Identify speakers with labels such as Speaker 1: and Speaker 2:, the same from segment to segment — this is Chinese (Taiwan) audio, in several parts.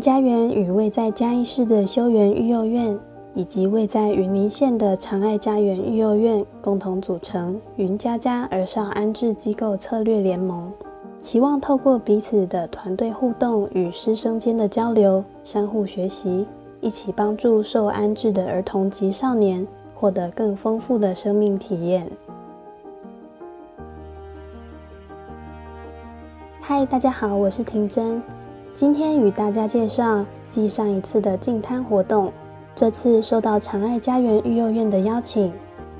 Speaker 1: 家園與位在嘉義市的修緣育幼院，以及位在雲林縣的長愛家園育幼院，共同組成雲嘉嘉兒少安置機構策略聯盟，期望透過彼此的團隊互動與師生間的交流，相互學習，一起幫助受安置的兒童及少年，獲得更豐富的生命體驗。嗨，大家好，我是婷珍。今天與大家介紹繼上一次的淨灘活動，這次受到長愛家園育幼院的邀請，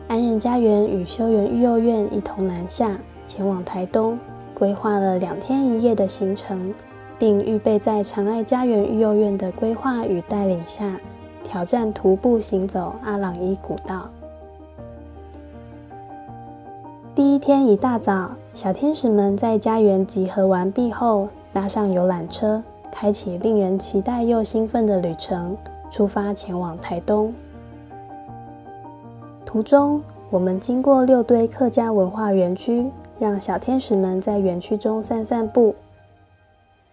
Speaker 1: 安仁家園與修緣育幼院一同南下前往台東，規劃了兩天一夜的行程，並預備在長愛家園育幼院的規劃與帶領下，挑戰徒步行走阿朗壹古道。第一天一大早，小天使們在家園集合完畢後，搭上遊覽車，開啟令人期待又興奮的旅程，出發前往台東。途中，我們經過六堆客家文化園區，讓小天使們在園區中散散步。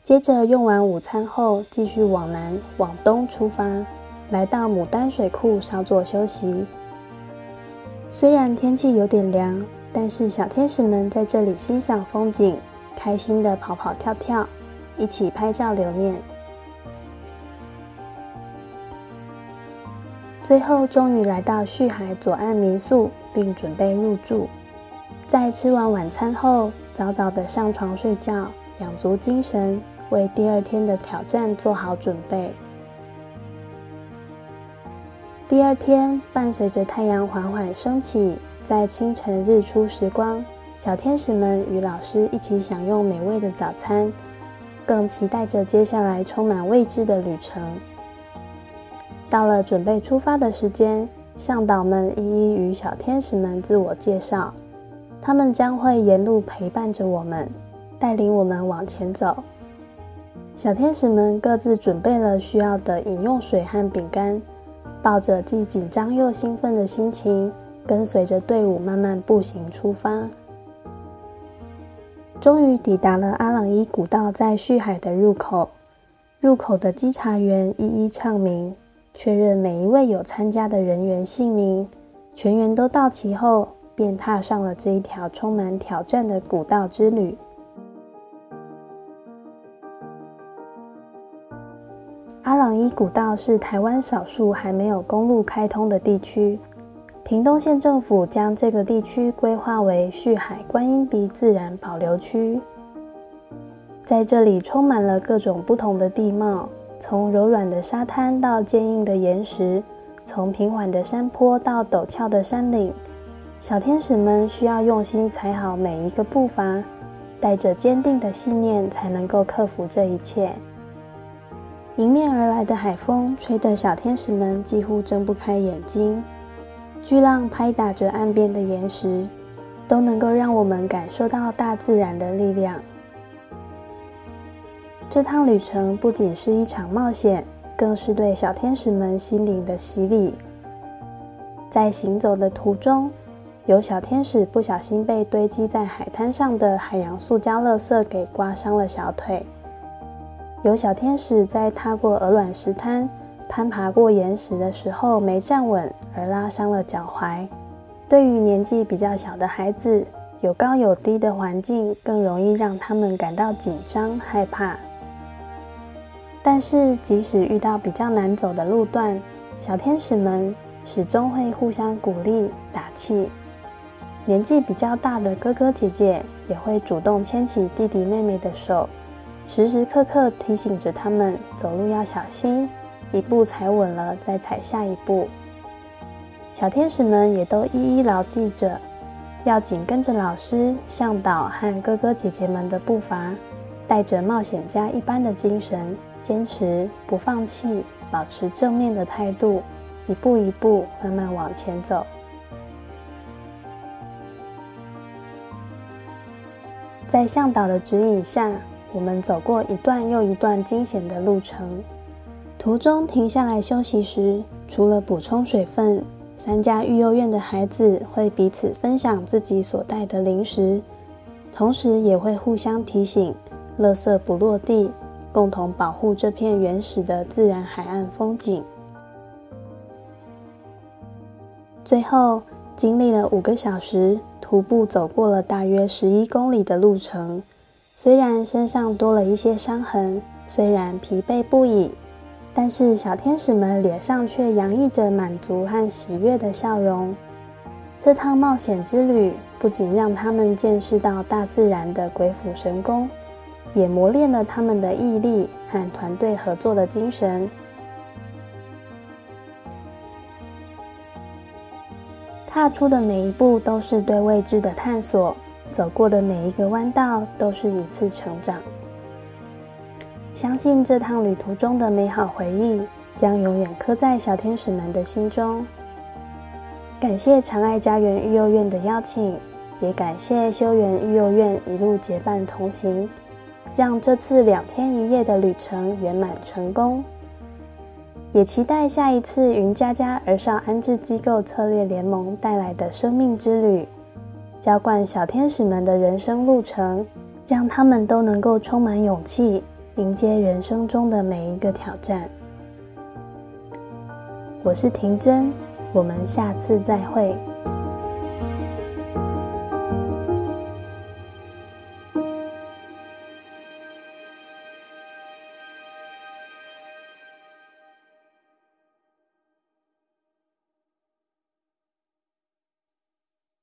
Speaker 1: 接着用完午餐後，繼續往南往東出發，來到牡丹水庫稍作休息。雖然天氣有點涼，但是小天使們在這裡欣賞風景，開心的跑跑跳跳。一起拍照留念。最後，終於來到旭海左岸民宿，並準備入住。在吃完晚餐後，早早的上床睡覺，養足精神，為第二天的挑戰做好準備。第二天，伴隨着太陽緩緩升起，在清晨日出時光，小天使們與老師一起享用美味的早餐。更期待着接下來充滿未知的旅程。到了準備出發的時間，嚮導們一一與小天使們自我介紹，他們將會沿路陪伴着我們，帶領我們往前走。小天使們各自準備了需要的飲用水和餅乾，抱着既緊張又興奮的心情，跟隨着隊伍慢慢步行出發。終於抵達了阿朗壹古道在旭海的入口，入口的稽查員一一唱名，確認每一位有參加的人員姓名，全員都到齊後，便踏上了這一條充滿挑戰的古道之旅。阿朗壹古道是台灣少數還沒有公路開通的地區。屏東縣政府將這個地區規劃為旭海觀音鼻自然保留區，在這裡充滿了各種不同的地貌，從柔軟的沙灘到堅硬的岩石，從平緩的山坡到陡峭的山嶺。小天使們需要用心踩好每一個步伐，帶着堅定的信念，才能夠克服這一切。迎面而來的海風吹得小天使們幾乎睜不開眼睛。巨浪拍打着岸邊的岩石，都能夠讓我們感受到大自然的力量。這趟旅程不僅是一場冒險，更是對小天使們心靈的洗禮。在行走的途中，有小天使不小心被堆積在海灘上的海洋塑膠垃圾給刮傷了小腿；有小天使在踏過鵝卵石灘，攀爬過岩石的時候沒站穩，而拉傷了腳踝。對於年紀比較小的孩子，有高有低的環境更容易讓他們感到緊張害怕。但是，即使遇到比較難走的路段，小天使們始終會互相鼓勵打氣。年紀比較大的哥哥姐姐也會主動牽起弟弟妹妹的手，時時刻刻提醒着他們走路要小心。一步踩穩了，再踩下一步。小天使們也都一一牢記着，要緊跟着老師、向導和哥哥姐姐們的步伐，帶着冒險家一般的精神，堅持不放棄，保持正面的態度，一步一步慢慢往前走。在向導的指引下，我們走過一段又一段驚險的路程。途中停下來休息時，除了補充水分，三家育幼院的孩子會彼此分享自己所帶的零食，同時也會互相提醒“垃圾不落地”，共同保護這片原始的自然海岸風景。最後，經歷了五個小時，徒步走過了大約十一公里的路程，雖然身上多了一些傷痕，雖然疲憊不已。但是小天使們臉上卻洋溢着滿足和喜悅的笑容。這趟冒險之旅不僅讓他們見識到大自然的鬼斧神工，也磨練了他們的毅力和團隊合作的精神。踏出的每一步都是對未知的探索，走過的每一個彎道都是一次成長。相信這趟旅途中的美好回憶將永遠刻在小天使們的心中。感謝長愛家園育幼院的邀請，也感謝修緣育幼院一路結伴同行，讓這次兩天一夜的旅程圓滿成功。也期待下一次雲嘉嘉兒少安置機構策略聯盟帶來的生命之旅，澆灌小天使們的人生路程，讓他們都能夠充滿勇氣，迎接人生中的每一個挑戰。我是婷真，我們下次再會。